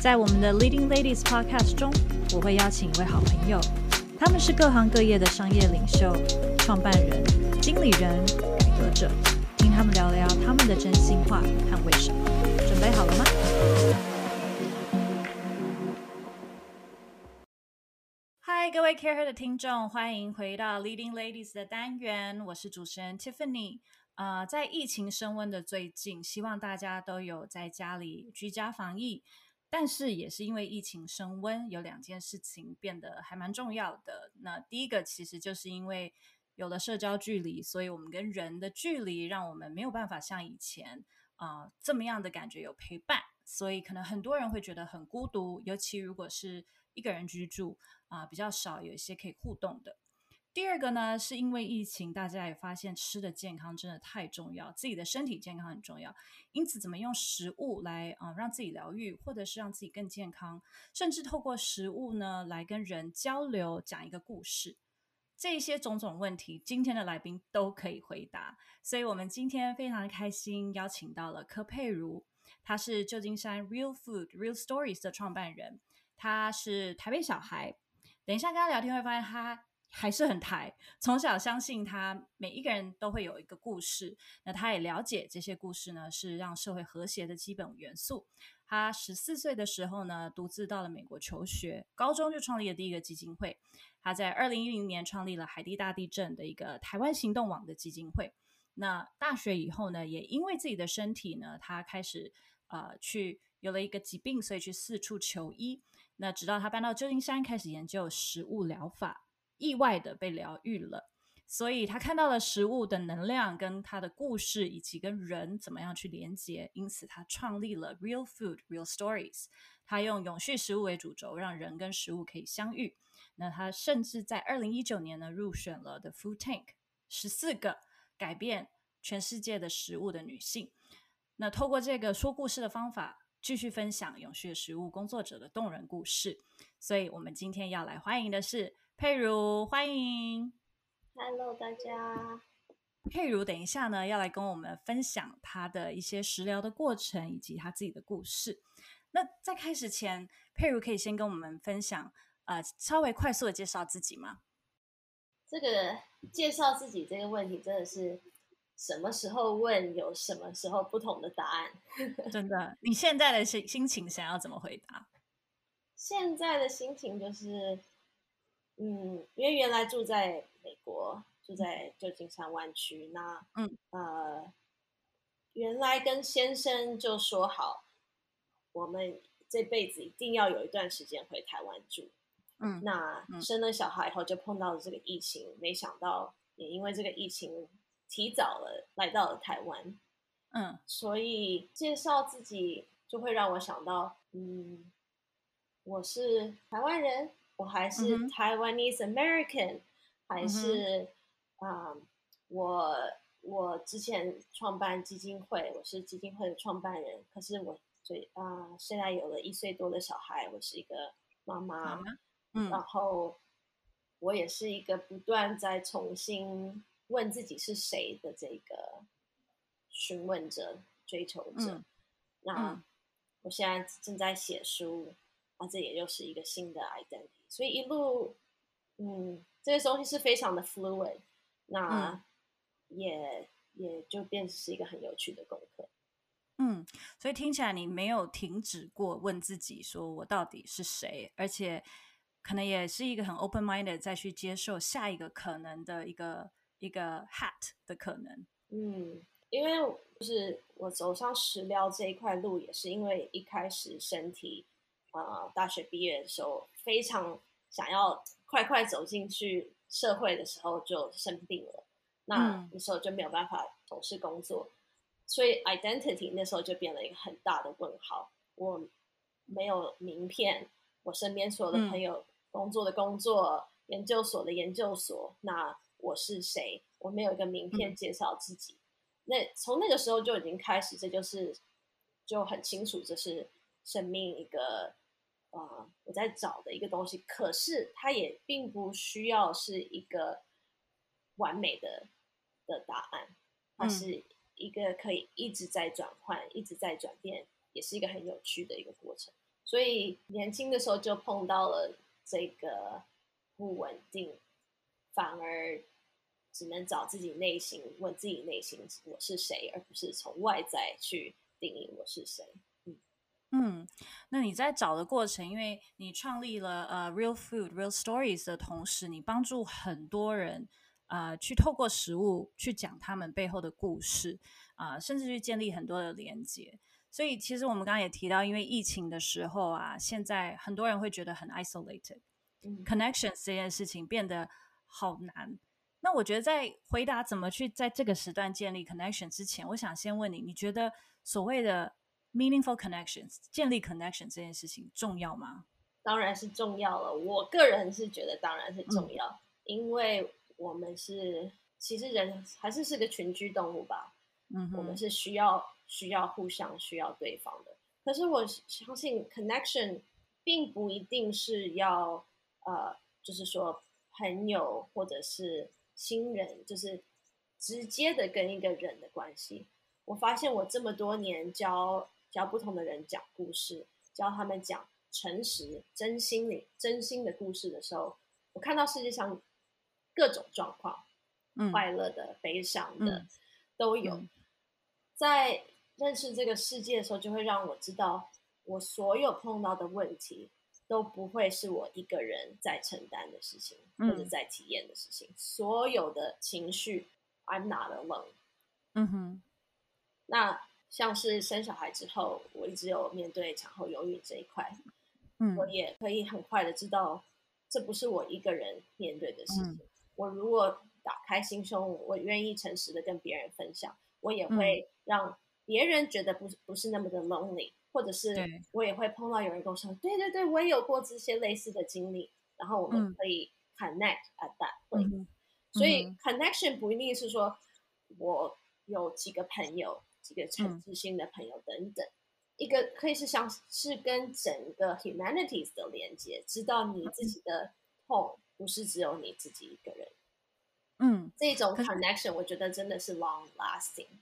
在我們的 Leading Ladies Podcast 中，我會邀請一位好朋友，他們是各行各業的商業領袖、創辦人、經理人、改革者，聽他們聊聊他們的真心話和為什麼。準備好了嗎？嗨，各位 CAREhER 的聽眾，歡迎回到 Leading Ladies 的單元，我是主持人 Tiffany。Uh, 在疫情升溫的最近，希望大家都有在家裡居家防疫。但是也是因為疫情升溫，有兩件事情變得還蠻重要的。那第一個其實就是因為有了社交距離，所以我們跟人的距離讓我們沒有辦法像以前啊、呃、這麼樣的感覺有陪伴，所以可能很多人會覺得很孤獨，尤其如果是一個人居住啊、呃、比較少有一些可以互動的。第二個呢，是因為疫情，大家也發現吃的健康真的太重要，自己的身體健康很重要。因此，怎麼用食物來啊、呃、讓自己療癒，或者是讓自己更健康，甚至透過食物呢，來跟人交流，講一個故事，這些種種問題，今天的來賓都可以回答。所以我們今天非常開心邀請到了柯沛如，她是舊金山 Real Food Real Stories 的創辦人，她是台北小孩。等一下跟她聊天會發現她。還是很抬，從小相信他，每一個人都會有一個故事。那他也了解，這些故事呢，是讓社會和諧的基本元素。他十四歲的時候呢，獨自到了美國求學，高中就創立了第一個基金會。他在二零一零年創立了海地大地震的一個台灣行動網的基金會。那大學以後呢，也因為自己的身體呢，他開始呃、去有了一個疾病，所以去四處求醫。那直到他搬到舊金山，開始研究食物療法。意外的被療癒了，所以他看到了食物的能量，跟他的故事，以及跟人怎麼樣去連接。因此，他創立了 Real Food Real Stories。他用永續食物為主軸，讓人跟食物可以相遇。那他甚至在二零一九年呢入選了 The Food Tank 十四個改變全世界的食物的女性。那透過這個說故事的方法，繼續分享永續的食物工作者的動人故事。所以我們今天要來歡迎的是。佩如，歡迎！Hello，大家。佩如，等一下呢，要來跟我們分享她的一些食療的過程，以及她自己的故事。那在開始前，佩如可以先跟我們分享，呃，稍微快速的介紹自己嗎？這個介紹自己這個問題，真的是什麼時候問，有什麼時候不同的答案？ 真的，你現在的心心情想要怎麼回答？現在的心情就是。嗯，因為原來住在美國，住在舊金山灣區。那嗯，呃，原來跟先生就說好，我們這輩子一定要有一段時間回台灣住。嗯，那生了小孩以後就碰到了這個疫情，沒想到也因為這個疫情提早了來到了台灣。嗯，所以介紹自己就會讓我想到，嗯，我是台灣人。我還是 Taiwanese American，mm hmm. 還是、mm hmm. 啊，我我之前創辦基金會，我是基金會的創辦人。可是我最啊，現在有了一歲多的小孩，我是一個媽媽。Mm hmm. 然後我也是一個不斷在重新問自己是誰的這個詢問者、追求者。那我現在正在寫書。啊，這也就是一個新的 identity，所以一路，嗯，這些東西是非常的 fluid，那也、嗯、也就變成是一個很有趣的功課。嗯，所以聽起來你沒有停止過問自己說我到底是誰？而且可能也是一個很 open-minded 再去接受下一個可能的一個一個 hat 的可能。嗯，因為就是我走上食療這一塊路，也是因為一開始身體。呃，大學畢業的時候非常想要快快走進去社會的時候就生病了，那那時候就沒有辦法從事工作，嗯、所以 identity 那時候就變了一個很大的問號。我沒有名片，我身邊所有的朋友、嗯、工作的工作，研究所的研究所，那我是誰？我沒有一個名片介紹自己。嗯、那從那個時候就已經開始，這就是就很清楚，這是。生命一個，啊，我在找的一個東西，可是它也並不需要是一個完美的的答案，它是一個可以一直在轉換、一直在轉變，也是一個很有趣的一個過程。所以年輕的時候就碰到了這個不穩定，反而只能找自己內心，問自己內心我是誰，而不是從外在去定義我是誰。嗯，那你在找的過程，因為你創立了呃、uh, Real Food Real Stories 的同時，你幫助很多人啊、呃，去透過食物去講他們背後的故事啊、呃，甚至去建立很多的連接。所以其實我們剛剛也提到，因為疫情的時候啊，現在很多人會覺得很 isolated，connection、嗯、這件事情變得好難。那我覺得在回答怎麼去在這個時段建立 connection 之前，我想先問你，你覺得所謂的？meaningful connections，建立 connection 這件事情重要嗎？當然是重要了。我個人是覺得當然是重要，嗯、因為我們是其實人還是是個群居動物吧。嗯哼，我們是需要需要互相需要對方的。可是我相信 connection 並不一定是要呃，就是說朋友或者是親人，就是直接的跟一個人的關係。我發現我這麼多年交。教不同的人講故事，教他們講誠實、真心的真心的故事的時候，我看到世界上各種狀況，嗯、快樂的、悲傷的、嗯、都有。嗯、在認識這個世界的時候，就會讓我知道，我所有碰到的問題都不會是我一個人在承擔的事情，嗯、或者在體驗的事情。所有的情緒，I'm not alone。嗯哼，那。像是生小孩之後，我一直有面對產後憂鬱這一塊，嗯，我也可以很快的知道，這不是我一個人面對的事情。嗯，我如果打開心胸，我願意誠實的跟別人分享，我也會讓別人覺得不不是那麼的 lonely，或者是我也會碰到有人跟我說，對，對對對，我也有過這些類似的經歷，然後我們可以 connect at that point。嗯嗯，所以 connection 不一定是說我有幾個朋友。幾個赤子性的朋友等等，嗯、一個可以是像是跟整個 humanities 的連接，知道你自己的痛不是只有你自己一個人。嗯，這種 connection 是我覺得真的是 long lasting。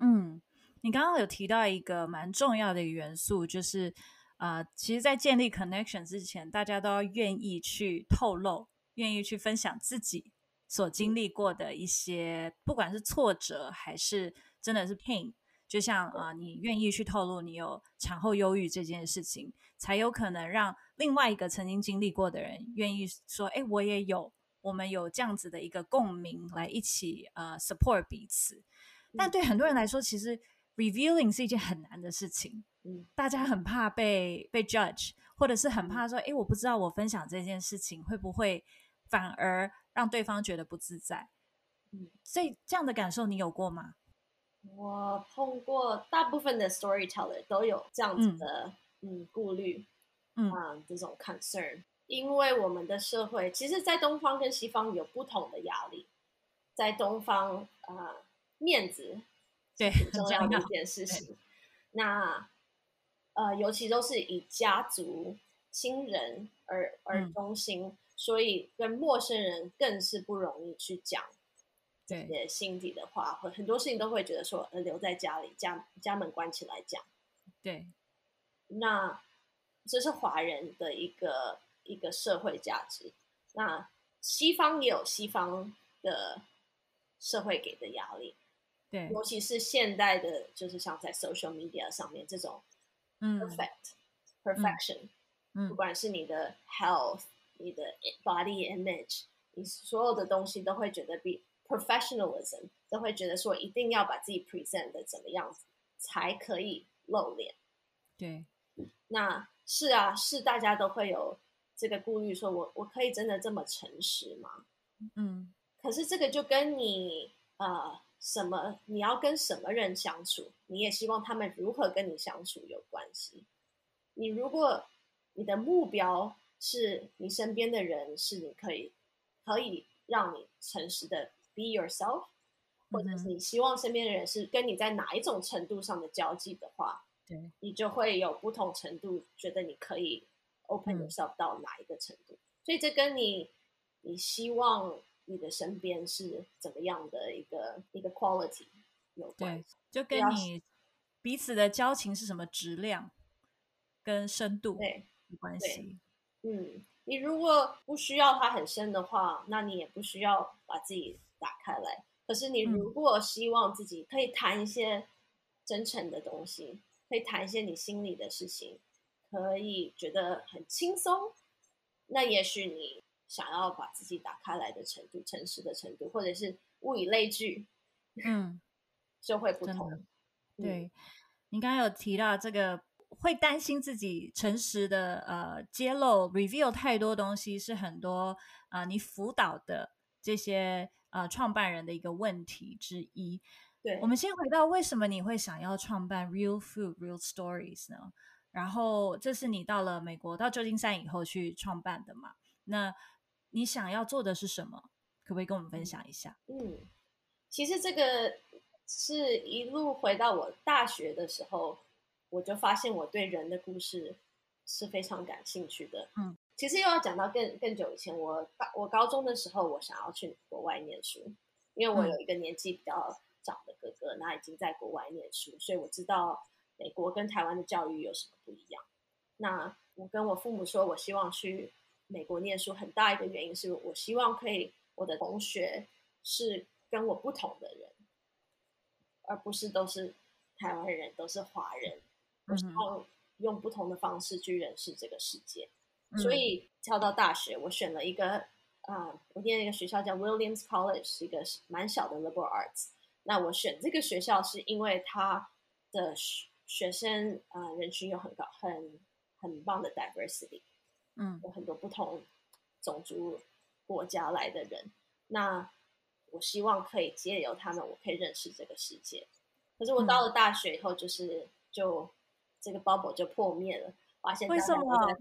嗯，你剛剛有提到一個蠻重要的一個元素，就是啊、呃，其實，在建立 connection 之前，大家都要願意去透露，願意去分享自己。所經歷過的一些，不管是挫折還是真的是 pain，就像啊、呃，你願意去透露你有產後憂鬱這件事情，才有可能讓另外一個曾經經歷過的人願意說：“哎，我也有。”我們有這樣子的一個共鳴，來一起呃 support 彼此。但對很多人來說，其實 revealing 是一件很難的事情。嗯，大家很怕被被 judge，或者是很怕說：“哎，我不知道我分享這件事情會不會。”反而讓對方覺得不自在，嗯，所以這樣的感受你有過嗎？我碰過，大部分的 storyteller 都有這樣子的嗯,嗯顧慮，嗯、啊，這種 concern，、嗯、因為我們的社會其實，在東方跟西方有不同的壓力，在東方啊、呃，面子對很重要的一件事情，對對那呃，尤其都是以家族、親人而而中心。嗯所以跟陌生人更是不容易去講對，的心底的話，會對很多事情都會覺得說，呃，留在家裡，家家門關起來講。對，那這是華人的一個一個社會價值。那西方也有西方的社會給的壓力，對，尤其是現代的，就是像在 social media 上面這種，perfect perfection，不管是你的 health。你的 body image，你所有的東西都會覺得比 professionalism 都會覺得說一定要把自己 present 的怎麼樣子才可以露臉。對，那是啊，是大家都會有這個顧慮，說我我可以真的這麼誠實嗎？嗯，可是這個就跟你，呃，什麼，你要跟什麼人相處，你也希望他們如何跟你相處有關係。你如果你的目標，是你身邊的人，是你可以可以讓你誠實的 be yourself，或者是你希望身邊的人是跟你在哪一種程度上的交際的話，對，你就會有不同程度覺得你可以 open yourself 到哪一個程度。嗯，所以這跟你你希望你的身邊是怎麼樣的一個一個 quality 有關係，對，就跟你彼此的交情是什麼質量跟深度有關係。嗯，你如果不需要它很深的話，那你也不需要把自己打開來。可是，你如果希望自己可以談一些真誠的東西，可以談一些你心裡的事情，可以覺得很輕鬆，那也許你想要把自己打開來的程度、誠實的程度，或者是物以類聚，嗯，就會不同。對。嗯。你剛剛有提到這個。會擔心自己誠實的呃揭露 reveal 太多東西，是很多啊、呃、你輔導的這些啊、呃、創辦人的一個問題之一。對，我們先回到為什麼你會想要創辦 Real Food, Real Stories 呢？然後這是你到了美國到舊金山以後去創辦的嘛？那你想要做的是什麼？可不可以跟我們分享一下？嗯，其實這個是一路回到我大學的時候。我就發現我對人的故事是非常感興趣的。嗯，其實又要講到更更久以前，我高我高中的時候，我想要去國外念書，因為我有一個年紀比較長的哥哥，那、嗯、已經在國外念書，所以我知道美國跟台灣的教育有什麼不一樣。那我跟我父母說，我希望去美國念書，很大一個原因是我希望可以我的同學是跟我不同的人，而不是都是台灣人，都是華人。我想要用不同的方式去認識這個世界，嗯、所以跳到大學，我選了一個，啊、呃，我念一個學校叫 Williams College，是一個蠻小的 Liberal Arts。那我選這個學校是因為他的學生，啊、呃、人群有很高、很很棒的 diversity，嗯，有很多不同種族、國家來的人。那我希望可以借由他們，我可以認識這個世界。可是我到了大學以後，就是、嗯、就。這個 bubble 就破滅了，發、啊、現大家都在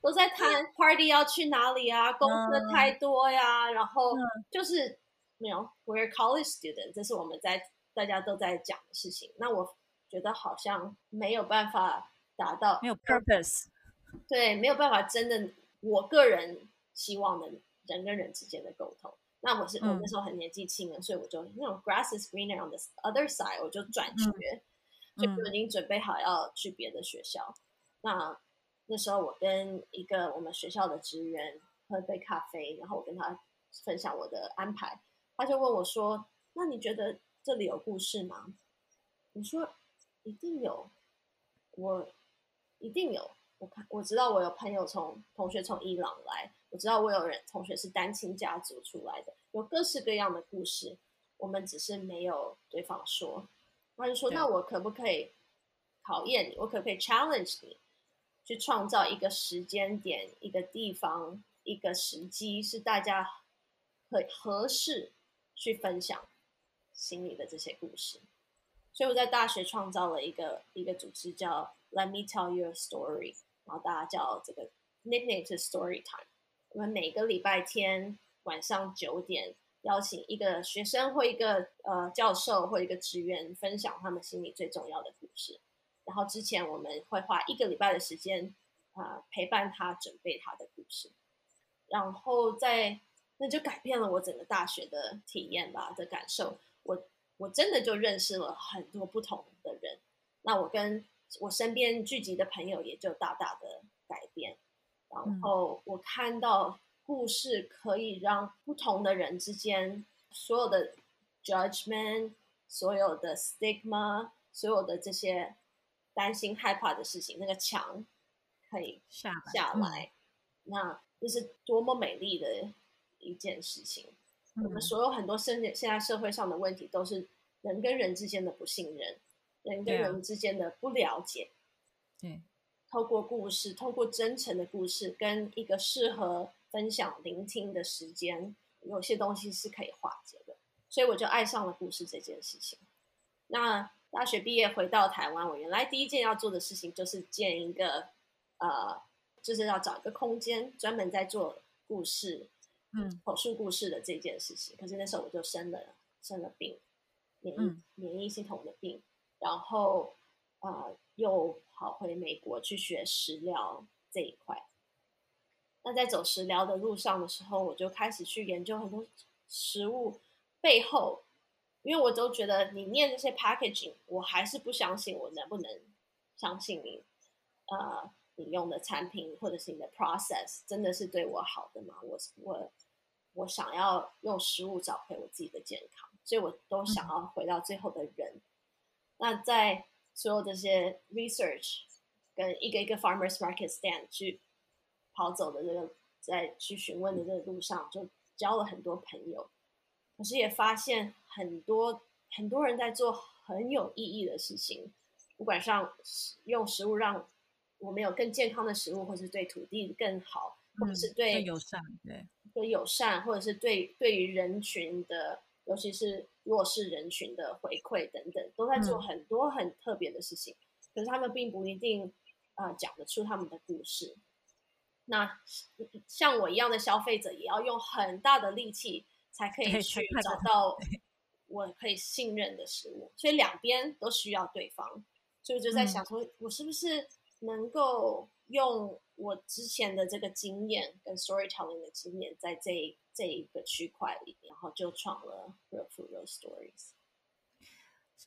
都在談 party 要去哪裡啊，公司、嗯、太多呀，然後就是、嗯、沒有 we're college students，這是我們在大家都在講的事情。那我覺得好像沒有辦法達到沒有 purpose，對，沒有辦法真的，我個人希望能人跟人之間的溝通。那我是、嗯、我那時候很年紀輕嘛，所以我就那種 grass is greener on the other side，我就轉學。嗯就已經準備好要去別的學校。嗯、那那時候，我跟一個我們學校的職員喝杯咖啡，然後我跟他分享我的安排。他就問我說：“那你覺得這裡有故事嗎？”我說：“一定有，我一定有。我看我知道我有朋友從同學從伊朗來，我知道我有人同學是單親家族出來的，有各式各樣的故事。我們只是沒有對方說。”我就說，對那我可不可以考驗你？我可不可以 challenge 你，去創造一個時間點、一個地方、一個時機，是大家很合適去分享心裡的這些故事。所以我在大學創造了一個一個組織，叫 Let me tell you a story，然後大家叫這個 nickname 是 Story Time。我們每個禮拜天晚上九點。邀請一個學生或一個呃教授、或一個職員分享他們心裡最重要的故事，然後之前我們會花一個禮拜的時間啊、呃、陪伴他準備他的故事，然後在那就改變了我整個大學的體驗吧的感受。我我真的就認識了很多不同的人，那我跟我身邊聚集的朋友也就大大的改變，然後我看到，故事可以讓不同的人之間所有的 judgment 所有的 stigma、所有的這些擔心、害怕的事情，那個牆可以下來，下來嗯，那這是多麼美麗的一件事情。嗯，我們所有很多現現在社會上的問題，都是人跟人之間的不信任，人跟人之間的不了解。對，透過故事，透過真誠的故事，跟一個適合。分享、聆聽的時間，有些東西是可以化解的，所以我就愛上了故事這件事情。那大學畢業回到台灣，我原來第一件要做的事情就是建一個，呃，就是要找一個空間，專門在做故事，嗯，口述故事的這件事情。可是那時候我就生了生了病，免疫，嗯，免疫系統的病，然後啊，呃，又跑回美國去學食療這一塊。那在走食療的路上的時候，我就開始去研究很多食物背後，因為我都覺得你念這些 packaging，我還是不相信我能不能相信你，呃，你用的產品或者是你的 process 真的是對我好的嗎？我我我想要用食物找回我自己的健康，所以我都想要回到最後的人。嗯。那在所有這些 research 跟一個一個 farmers market stand 去。跑走的那、這個，在去詢問的這個路上，就交了很多朋友。可是也發現很多很多人在做很有意義的事情，不管上用食物讓我們有更健康的食物，或是對土地更好，或者是對、嗯、友善，對，對友善，或者是對對於人群的，尤其是弱勢人群的回饋等等，都在做很多很特別的事情。嗯、可是他們並不一定啊、呃，講得出他們的故事。那像我一樣的消費者也要用很大的力氣才可以去找到我可以信任的食物，所以兩邊都需要對方。所以我就在想說，我是不是能夠用我之前的這個經驗跟 storytelling 的經驗，在這這一個區塊裡，然後就創了 Real Food Real Stories。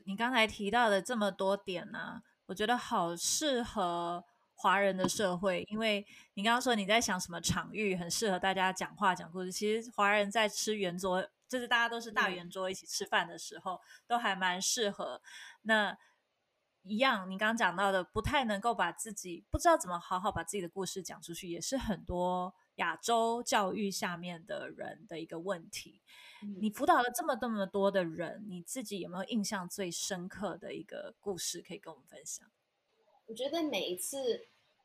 你剛才提到的這麼多點呢、啊，我覺得好適合。華人的社會，因為你剛剛說你在想什麼場域很適合大家講話講故事，其實華人在吃圓桌，就是大家都是大圓桌一起吃飯的時候，嗯、都還蠻適合。那一樣，你剛剛講到的，不太能夠把自己不知道怎麼好好把自己的故事講出去，也是很多亞洲教育下面的人的一個問題。你輔導了這麼這麼多的人，你自己有沒有印象最深刻的一個故事可以跟我們分享？我覺得每一次。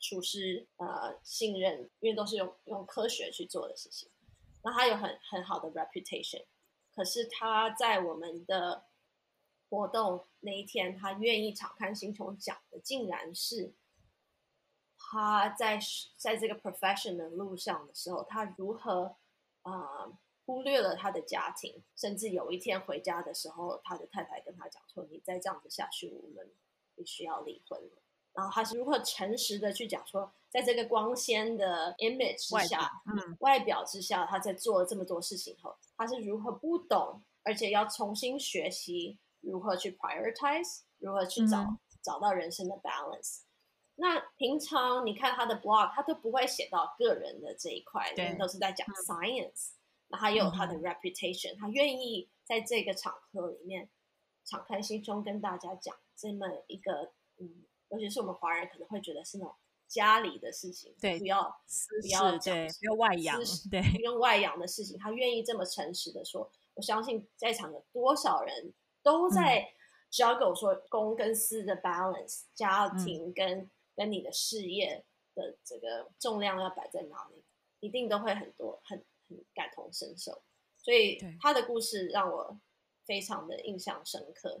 廚師呃，信任，因為都是用用科學去做的事情，那他有很很好的 reputation，可是他在我們的活動那一天，他願意敞開心胸講的，竟然是他在在這個 professional 路上的時候，他如何啊，呃，忽略了他的家庭，甚至有一天回家的時候，他的太太跟他講說：「你再這樣子下去，我們必須要離婚了。」然後他是如何誠實的去講說，在這個光鮮的 image 下，外表，嗯、外表之下，他在做這麼多事情後，他是如何不懂，而且要重新學習如何去 prioritize，如何去找、嗯、找到人生的 balance。那平常你看他的 blog，他都不會寫到個人的這一塊，對都是在講 science、嗯。那他也有他的 reputation，、嗯、他願意在這個場合裡面敞開心胸跟大家講這麼一個嗯。尤其是我們華人可能會覺得是那種家裡的事情，對，不要私事，是不要對，不用外揚，對是，不用外揚的事情，對他願意這麼誠實的說，我相信在場的多少人都在教給、嗯、我說公跟私的 balance，家庭跟、嗯、跟你的事業的這個重量要擺在哪裡，一定都會很多很很感同身受，所以對他的故事讓我非常的印象深刻。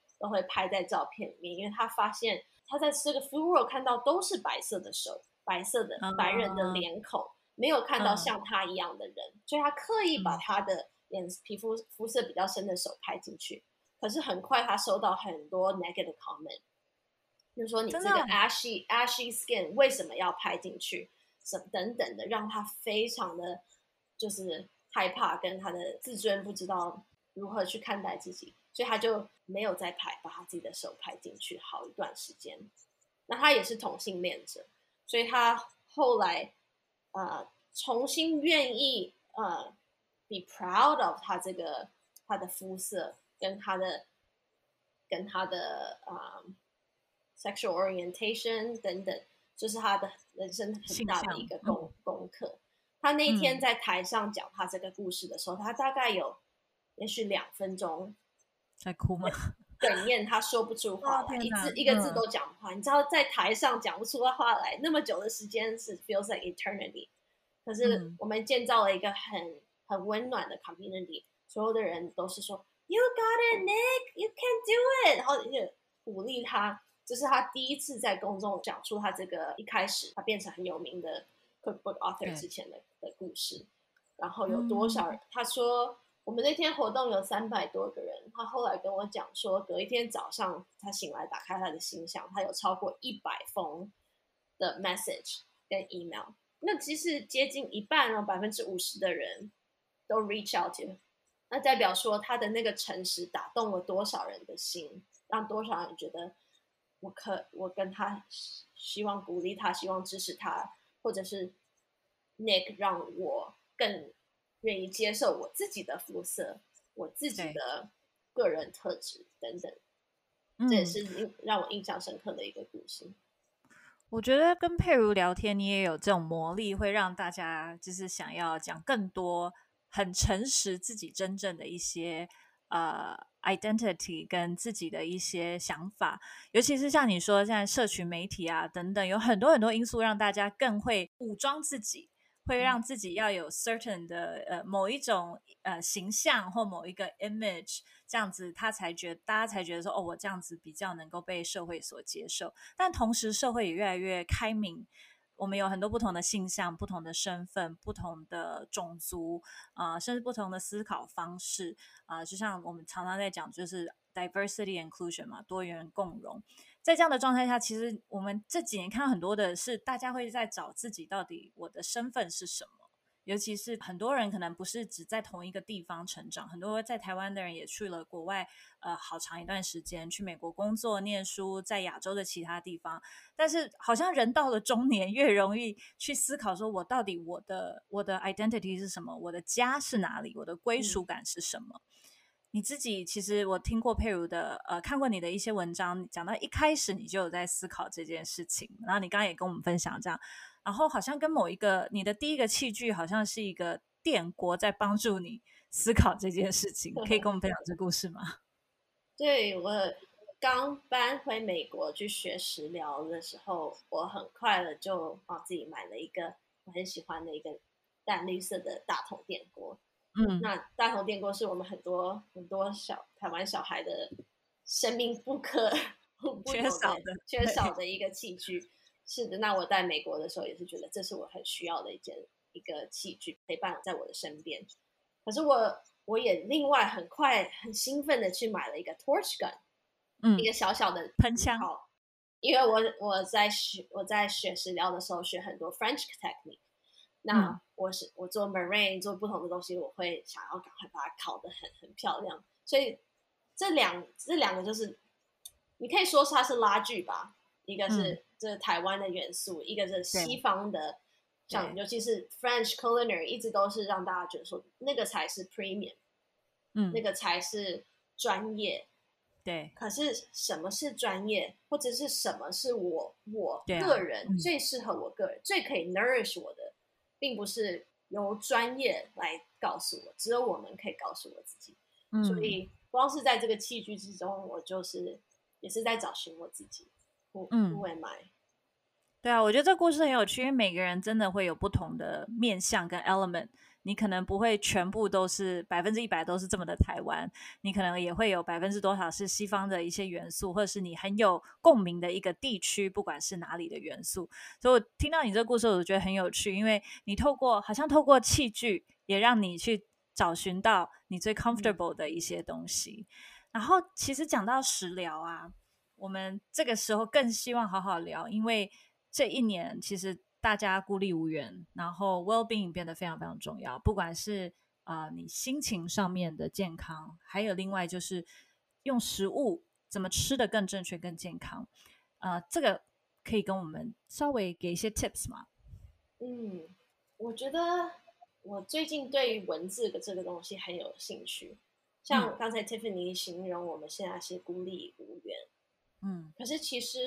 都會拍在照片裡面，因為他發現他在這個 floor 看到都是白色的手、白色的白人的臉孔，uh huh. 沒有看到像他一樣的人，uh huh. 所以他刻意把他的臉皮膚膚色比較深的手拍進去。Uh huh. 可是很快他收到很多 negative comment，就說你這個 ashy 的 ashy skin 為什麼要拍進去？什麼等等的，讓他非常的就是害怕，跟他的自尊不知道如何去看待自己。所以他就沒有再排，把他自己的手排進去好一段時間。那他也是同性戀者，所以他後來呃重新願意呃 be proud of 他這個他的膚色跟他的跟他的呃、um, sexual orientation 等等，就是他的人生很大的一個功、嗯、功課。他那天在台上講他這個故事的時候，他大概有也許兩分鐘。在哭嗎？哽咽， 他說不出話來，oh, 一字哪一個字都講不出來。嗎你知道，在台上講不出話來，那麼久的時間是 feels like eternity。可是我們建造了一個很很溫暖的 community，所有的人都是說、嗯、"You got it, Nick, you can do it"，然後就鼓勵他。這、就是他第一次在公眾講出他這個一開始他變成很有名的 cookbook author 之前的對的故事。然後有多少人，他說。嗯我們那天活動有三百多個人，他後來跟我講說，隔一天早上他醒來打開他的信箱，他有超過一百封的 message 跟 email。那其實接近一半哦，百分之五十的人都 reach out to，那代表說他的那個誠實打動了多少人的心，讓多少人覺得我可我跟他希望鼓勵他，希望支持他，或者是 Nick 讓我更。願意接受我自己的膚色、我自己的個人特質等等，對這也是讓我印象深刻的一個故事。嗯，我覺得跟沛如聊天，你也有這種魔力，會讓大家就是想要講更多、很誠實自己真正的一些呃 identity 跟自己的一些想法，尤其是像你說現在社群媒體啊等等，有很多很多因素讓大家更會武裝自己。會讓自己要有 certain 的呃某一種呃形象或某一個 image 這樣子，他才覺得大家才覺得說哦，我這樣子比較能夠被社會所接受。但同時社會也越來越開明，我們有很多不同的性向、不同的身份、不同的種族啊、呃，甚至不同的思考方式啊、呃。就像我們常常在講，就是 diversity inclusion 嘛，多元共融。在這樣的狀態下，其實我們這幾年看到很多的是，大家會在找自己到底我的身份是什麼。尤其是很多人可能不是只在同一個地方成長，很多在台灣的人也去了國外，呃，好長一段時間去美國工作、念書，在亞洲的其他地方。但是好像人到了中年，越容易去思考，說我到底我的我的 identity 是什麼？我的家是哪裡？我的歸屬感是什麼？嗯你自己其實我聽過佩如的，呃，看過你的一些文章，講到一開始你就有在思考這件事情，然後你剛剛也跟我們分享這樣，然後好像跟某一個你的第一個器具，好像是一個電鍋在幫助你思考這件事情，可以跟我們分享這故事嗎？對，我剛搬回美國去學食療的時候，我很快的就把自己買了一個我很喜歡的一個淡綠色的大同電鍋。嗯，那大同電鍋是我們很多很多小台灣小孩的生命不可不、不缺少的、缺少的一個器具。對是的，那我在美國的時候也是覺得這是我很需要的一件一個器具，陪伴在我的身邊。可是我我也另外很快很興奮的去買了一個 torch gun，嗯，一個小小的噴槍，好，因為我我在學我在學食療的時候學很多 French technique。那我是、嗯、我做 Murrain 做不同的東西，我會想要趕快把它烤得很很漂亮。所以這兩這兩個就是，你可以說是它是拉鋸吧。一個是這台灣的元素，嗯、一個是西方的，對像尤其是 French culinary 一直都是讓大家覺得說那個才是 premium，嗯，那個才是專業。對。可是什麼是專業，或者是什麼是我我個人、啊嗯、最適合我個人最可以 nourish 我的？並不是由專業來告訴我，只有我們可以告訴我自己。所以，光是在這個器具之中，嗯、我就是也是在找尋我自己。嗯 Who am I？對啊，我覺得這故事很有趣，因為每個人真的會有不同的面向跟 element。你可能不會全部都是百分之一百都是這麼的台灣，你可能也會有百分之多少是西方的一些元素，或者是你很有共鳴的一個地區，不管是哪裡的元素。所以我聽到你這個故事，我覺得很有趣，因為你透過好像透過器具，也讓你去找尋到你最 comfortable 的一些東西。然後其實講到食療啊，我們這個時候更希望好好聊，因為這一年其實。大家孤立無援，然後 well-being 變得非常非常重要。不管是啊、呃，你心情上面的健康，還有另外就是用食物怎麼吃得更正確、更健康，啊、呃，這個可以跟我們稍微給一些 tips 嗎？嗯，我覺得我最近對於文字的這個東西很有興趣。像剛才 Tiffany 形容，我們現在是孤立無援。嗯，可是其實。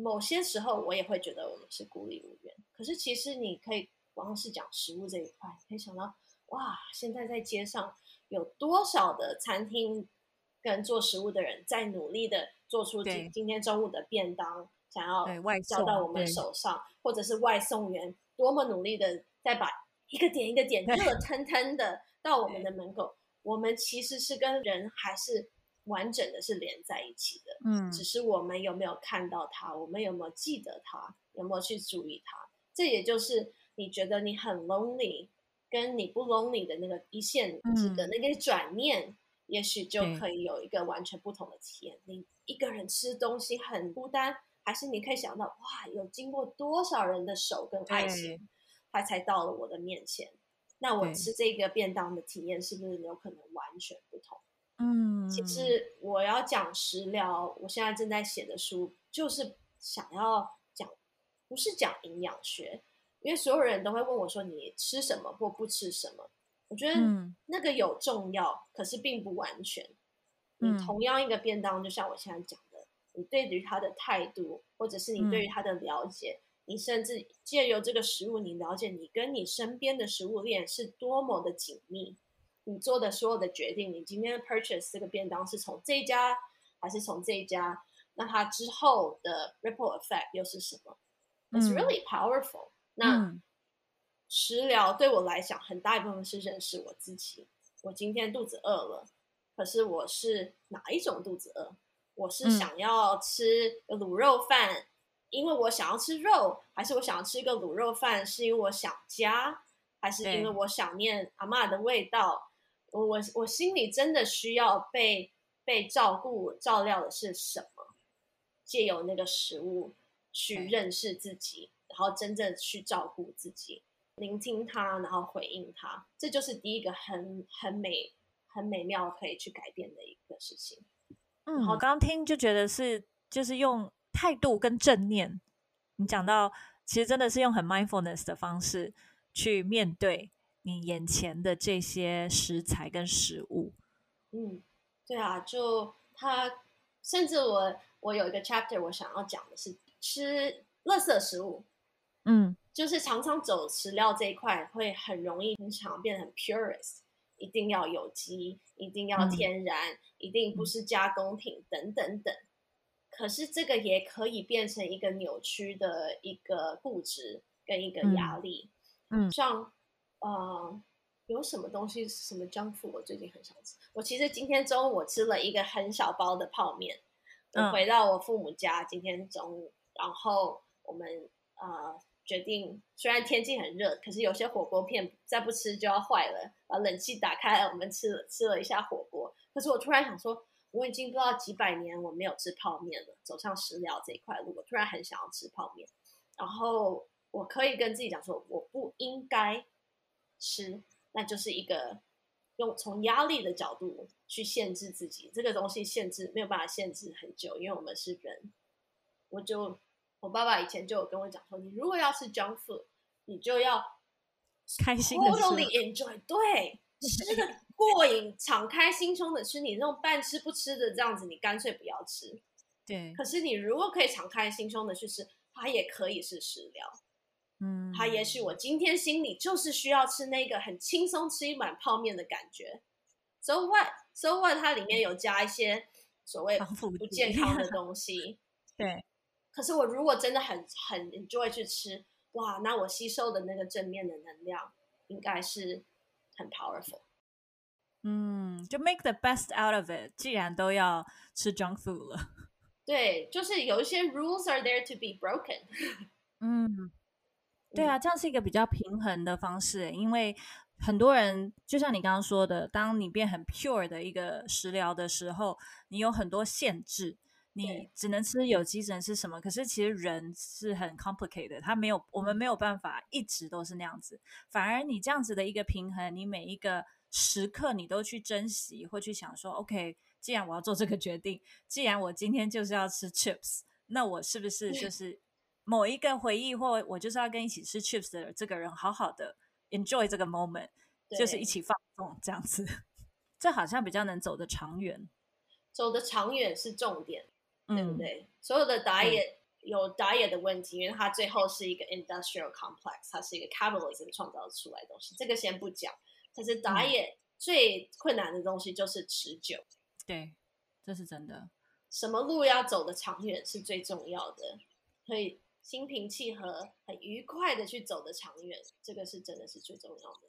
某些時候我也會覺得我們是孤立無援，可是其實你可以光是講食物這一塊，可以想到哇，現在在街上有多少的餐廳跟做食物的人在努力的做出今今天中午的便當，對想要交到我們手上，或者是外送員多麼努力的在把一個點一個點熱騰騰的到我們的門口，我們其實是跟人還是？完整的是連在一起的，嗯，只是我們有沒有看到它，我們有沒有記得它，有沒有去注意它？這也就是你覺得你很 lonely，跟你不 lonely 的那個一線的、這個嗯、那個轉念，也許就可以有一個完全不同的體驗。對你一個人吃東西很孤單，還是你可以想到，哇，有經過多少人的手跟愛心，對它才到了我的面前？那我吃這個便當的體驗是不是有可能完全不同？嗯，其實我要講食療，我現在正在寫的書就是想要講，不是講營養學，因為所有人都會問我說，你吃什麼或不吃什麼，我覺得那個有重要，嗯、可是並不完全。你同樣一個便當，就像我現在講的，嗯、你對於它的態度，或者是你對於它的了解，嗯、你甚至借由這個食物，你了解你跟你身邊的食物鏈是多麼的緊密。你做的所有的決定，你今天 purchase 這個便當是從這一家還是從這一家？那它之後的 ripple effect 又是什麼？It's really powerful. 嗯。那食療對我來講，很大一部分是認識我自己。我今天肚子餓了，可是我是哪一種肚子餓？我是想要吃滷肉飯，因為我想要吃肉，還是我想要吃一個滷肉飯，是因為我想家，還是因為我想念阿嬤的味道？欸我我我心裡真的需要被被照顧照料的是什麼？借由那個食物去認識自己，嗯、然後真正去照顧自己，聆聽它，然後回應它，這就是第一個很很美很美妙可以去改變的一個事情。嗯，我剛剛聽就覺得是就是用態度跟正念，你講到其實真的是用很 mindfulness 的方式去面對。你眼前的這些食材跟食物，嗯，對啊，就他甚至我我有一個 chapter 我想要講的是吃垃圾食物，嗯，就是常常走食料這一塊會很容易，很常變得很 purist，一定要有機，一定要天然，嗯、一定不是加工品、嗯、等等等。可是這個也可以變成一個扭曲的一個固執跟一個壓力，嗯，嗯像。呃，uh, 有什麼東西？什麼漿糊？我最近很想吃。我其實今天中午我吃了一個很小包的泡麵。嗯。我回到我父母家，今天中午，uh. 然後我們呃、uh, 決定，雖然天氣很熱，可是有些火鍋片再不吃就要壞了，把冷氣打開，我們吃了吃了一下火鍋。可是我突然想說，我已經不知道幾百年我沒有吃泡麵了，走上食療這一塊路，我突然很想要吃泡麵。然後我可以跟自己講說，我不應該吃，那就是一個用從壓力的角度去限制自己，這個東西限制沒有辦法限制很久，因為我們是人。我就我爸爸以前就有跟我講說，你如果要吃 junk food，你就要 enjoy，開心的吃，only enjoy，對，吃的過癮， 敞開心胸的吃。你那種半吃不吃的這樣子，你乾脆不要吃。對。可是你如果可以敞開心胸的去吃，它也可以是食療。嗯，它也許我今天心裡就是需要吃那個很輕鬆，吃一碗泡麵的感覺，so what，so what？它裡面有加一些所謂不健康的東西，對。可是我如果真的很很 enjoy 去吃，哇，那我吸收的那個正面的能量應該是很 powerful。嗯，就 make the best out of it。既然都要吃 junk food 了，對，就是有一些 rules are there to be broken。嗯。對啊，這樣是一個比較平衡的方式，因為很多人就像你剛剛說的，當你變很 pure 的一個食療的時候，你有很多限制，你只能吃有機，只能吃什麼。可是其實人是很 complicated，他沒有，我們沒有辦法一直都是那樣子。反而你這樣子的一個平衡，你每一個時刻你都去珍惜，會去想說，OK，既然我要做這個決定，既然我今天就是要吃 chips，那我是不是就是？嗯某一個回憶，或我就是要跟你一起吃 chips 的這個人好好的 enjoy 這個 moment，對就是一起放縱這樣子，這好像比較能走得長遠，走得長遠是重點，嗯、對不對？所有的 diet、嗯、有 diet 的問題，因為它最後是一個 industrial complex，它是一個 capitalism 創造出來的東西。這個先不講，可是 diet 最困難的東西就是持久，對，這是真的。什麼路要走得長遠是最重要的，可以。心平氣和，很愉快的去走的長遠，這個是真的是最重要的。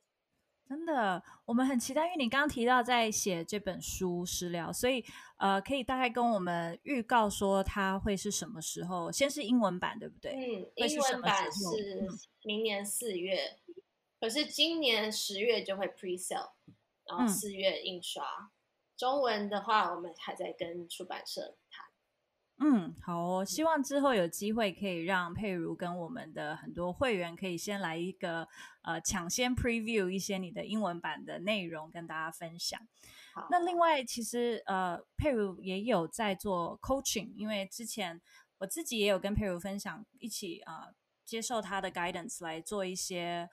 真的，我們很期待，因為你剛剛提到在寫這本書，食療，所以呃，可以大概跟我們預告說它會是什麼時候？先是英文版，對不對？嗯，英文版是明年四月，嗯、可是今年十月就會 pre sale，然後四月印刷。嗯、中文的話，我們還在跟出版社。嗯，好哦，希望之後有機會可以讓沛如跟我們的很多會員可以先來一個呃搶先 preview 一些你的英文版的內容跟大家分享。好那另外，其實呃沛如也有在做 coaching，因為之前我自己也有跟沛如分享，一起啊、呃、接受她的 guidance 來做一些，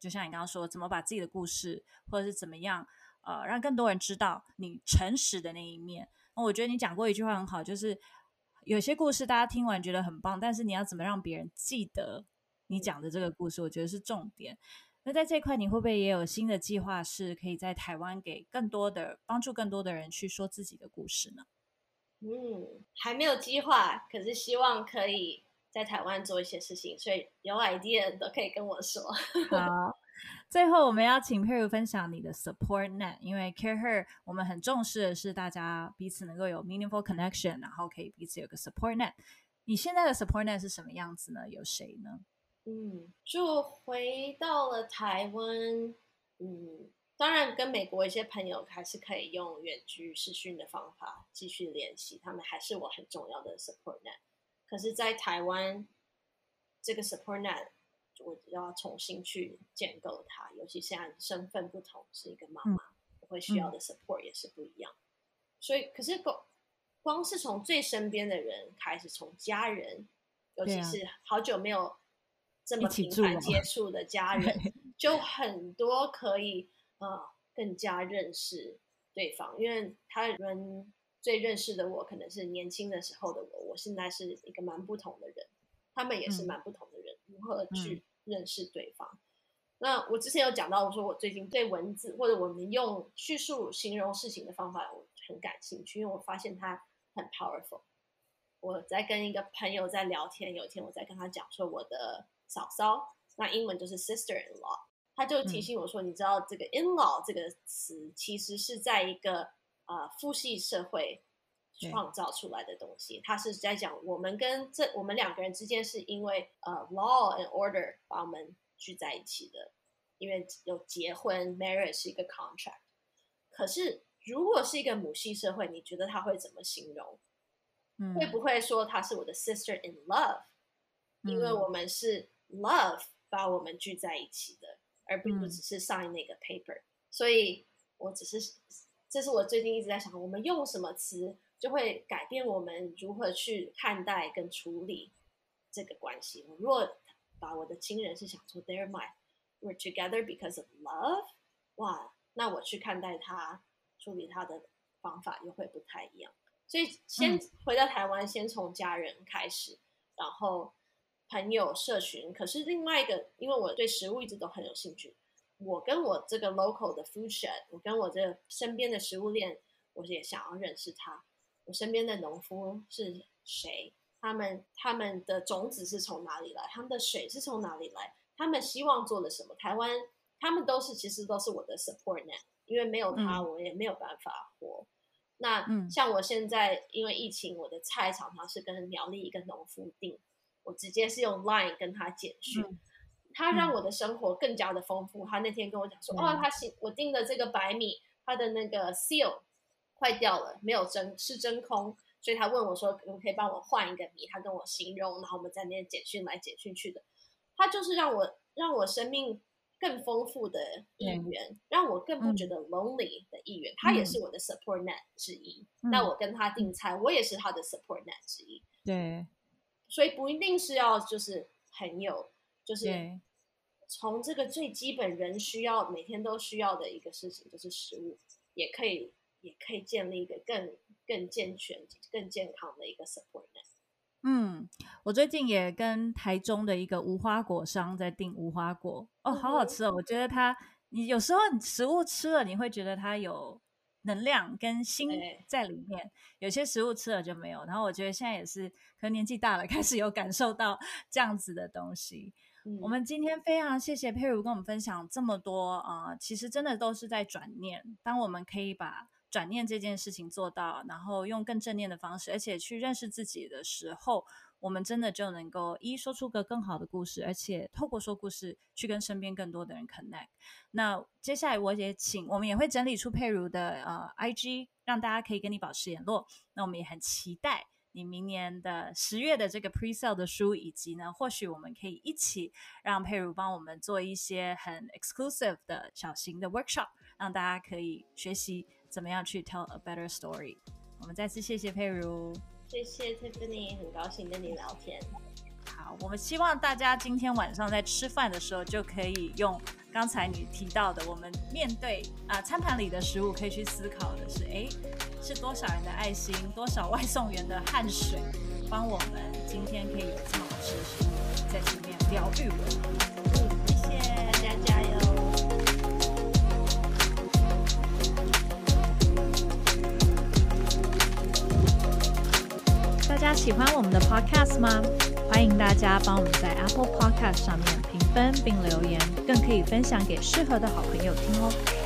就像你剛剛說，怎麼把自己的故事或者是怎麼樣呃讓更多人知道你誠實的那一面。那我覺得你講過一句話很好，就是。有些故事大家聽完覺得很棒，但是你要怎麼讓別人記得你講的這個故事？我覺得是重點。那在這一塊，你會不會也有新的計劃，是可以在台灣給更多的幫助，更多的人去說自己的故事呢？嗯，還沒有計劃，可是希望可以在台灣做一些事情。所以有 idea 都可以跟我說。好啊。最後，我們要請沛如分享你的 support net，因為 care her，我們很重視的是大家彼此能夠有 meaningful connection，然後可以彼此有個 support net。你現在的 support net 是什麼樣子呢？有誰呢？嗯，就回到了台灣，嗯，當然跟美國一些朋友還是可以用遠距視訊的方法繼續聯繫，他們還是我很重要的 support net。可是，在台灣，這個 support net。我只要重新去建構它，尤其現在身份不同，是一個媽媽，嗯、我會需要的 support、嗯、也是不一樣。所以，可是光光是從最身邊的人開始，從家人，啊、尤其是好久沒有這麼頻繁接觸的家人，就很多可以呃更加認識對方，因為他們最認識的我，可能是年輕的時候的我。我現在是一個蠻不同的人，他們也是蠻不同的人，嗯、如何去，嗯認識對方。那我之前有講到，我說我最近對文字或者我們用敘述形容事情的方法，我很感興趣，因為我發現它很 powerful。我在跟一個朋友在聊天，有一天我在跟他講說我的嫂嫂，那英文就是 sister-in-law，他就提醒我說，你知道這個 in-law 這個詞其實是在一個呃父系社會。創造出來的東西，他 Yeah. 是在講我們跟這我們兩個人之間是因為呃、uh, law and order 把我們聚在一起的，因為有結婚 marriage 是一個 contract。可是如果是一個母系社會，你覺得他會怎麼形容？Mm. 會不會說他是我的 sister in love？、Mm hmm. 因為我們是 love 把我們聚在一起的，而並不是只是 sign 那個 paper。Mm. 所以我只是這是我最近一直在想，我們用什麼詞？就會改變我們如何去看待跟處理這個關係。如果把我的親人是想說 they're my, we're together because of love，哇，那我去看待他、處理他的方法又會不太一樣。所以先回到台灣，先從家人開始，然後朋友社群。可是另外一個，因為我對食物一直都很有興趣，我跟我這個 local 的 food shed，我跟我這個身邊的食物鏈，我也想要認識他。我身邊的農夫是誰？他們他們的種子是從哪裡來？他們的水是從哪裡來？他們希望做了什麼？台灣他們都是其實都是我的 support net，因為沒有他我也沒有辦法活。嗯、那像我現在因為疫情，我的菜場他是跟苗栗一個農夫訂，我直接是用 Line 跟他簡訊，嗯、他讓我的生活更加的豐富。他那天跟我講說，Yeah. 哦，他我訂的這個白米，他的那個 Seal。壞掉了，沒有真是真空，所以他問我說：“可不可以幫我換一個米？”他跟我形容，然後我們在那邊簡訊來簡訊去的。他就是讓我讓我生命更豐富的一員，對讓我更不覺得 lonely 的一員，嗯、他也是我的 support net 之一。嗯、那我跟他訂餐，我也是他的 support net 之一。對，所以不一定是要就是朋友，就是從這個最基本人需要每天都需要的一個事情，就是食物，也可以。可以建立一個更更健全，更健康的一個 support net，嗯，我最近也跟台中的一個無花果商在訂無花果，哦、oh, 嗯，好好吃哦！我覺得它，你有時候食物吃了，你會覺得它有能量跟心在裡面，對有些食物吃了就沒有。然後我覺得現在也是，可能年紀大了，開始有感受到這樣子的東西。嗯、我們今天非常謝謝沛如跟我們分享這麼多啊、呃，其實真的都是在轉念，當我們可以把。轉念這件事情做到，然後用更正念的方式，而且去認識自己的時候，我們真的就能夠一一說出個更好的故事，而且透過說故事去跟身邊更多的人 connect。那接下來我也請我們也會整理出佩如的呃 IG，讓大家可以跟你保持聯絡。那我們也很期待你明年的十月的這個 pre-sale 的書，以及呢，或許我們可以一起讓佩如幫我們做一些很 exclusive 的小型的 workshop，讓大家可以學習。怎麼樣去 tell a better story？我們再次謝謝沛如，謝謝 Tiffany，很高興跟你聊天。好，我們希望大家今天晚上在吃飯的時候就可以用剛才你提到的，我們面對啊、呃、餐盤裡的食物可以去思考的是，哎，是多少人的愛心，多少外送員的汗水，幫我們今天可以有這麼好吃的食物，在前面療癒我們。大家喜歡我們的 Podcast 嗎？歡迎大家幫我們在 Apple Podcast 上面評分並留言，更可以分享給適合的好朋友聽哦。